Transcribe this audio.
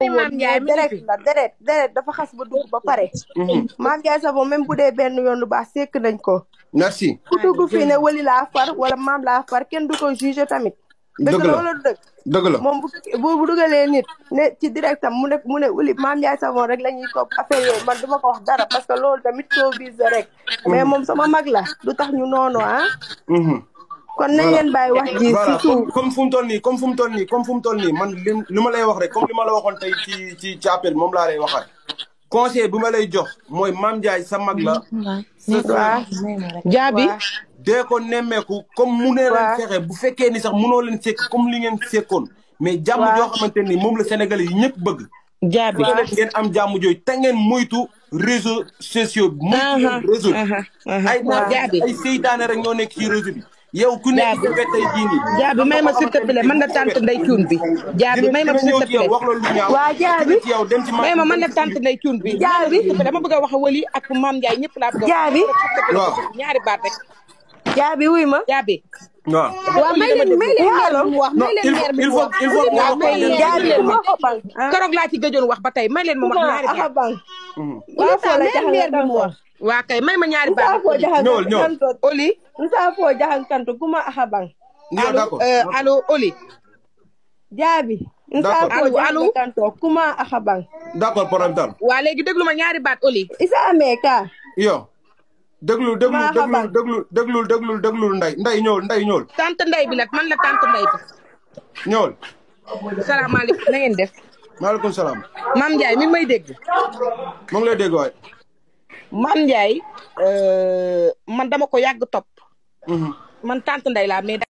maam Ndiaye deret la deret deret dafa xas ba dugg ba pare. Mhm. maam Ndiaye Savon même bu dee benn yoon lu baax nañ ko. merci ku dugg fii ne wali laa far wala maam laa far kenn du ko jugé tamit. dëgg la wala dëgg. dëgg la moom bu bu dugalee nit ne ci directam mu ne mu ne uli maam Ndiaye Savon rek la ñuy topp affaire yooyu man du ma dara parce que loolu tamit soo rek. Mhm. mais moom sama mag la du tax ñu noonu ah. Mhm. kon nañ leen bàyyi wax ji surtout comme fu mu toll nii comme fu mu toll nii comme fu mu toll nii man li li ma lay wax rek comme li moom laa lay waxaat conseil ma lay jox mooy maam jaay sa mag la sa jaabi dee ko nemmeeku comme mu nee leen bu fekkee ni sax munoo leen sekk comme li ngeen sekkoon mais jàmm joo xamante ni moom la Sénégalais yi ñëpp bëgg jaabi ngeen am jàmm jooju te ngeen moytu réseaux sociaux bi moytu uh-huh. réseau bi uh-huh. Uh-huh. ay ay seytaane rek ñoo nekk ci réseau bi yow ku nekk ci tey jii nii. jaabi may ma s'il te plaît man la tante Ndeye Thioune bi. jaabi may ma s'il te plaît waaw jaabi may ma man la tante Ndeye Thioune bi. jaabi dama bëgg a wax wali ak maam Ndiaye ñëpp laa bëgg a. jaabi waaw ñaari baat rek. jaabi wuy ma jaabi. waaw waaw may leen may leen meer bi wax may leen meer a wax il faut keroog laa i gëjoon wax ba tey may leen ma wax ñaari baat. Mm. waaw foofu la meer bi mu wax. waa kay may ma ñaari baat ñool ñool oli nsa fo jaxan kanto kuma axabang alo alo euh, oli jaabi nsa fo jaxan kanto kuma axabang d'accord problème dal waa léegi déglu ma ñaari baat oli isa amee ka yo déglu déglu déglu déglu déglu déglu nday nday ñool nday ñool tant nday bi la man la tant nday bi ñool salaamaaleykum na ngeen def maaleykum salaam maam Ndiaye mi ngi may dégg mu ngi lay dégg waay Mame Ndiaye euh, man dama ko yàgg topp. Mm-hmm. man tante Ndeye laa mais.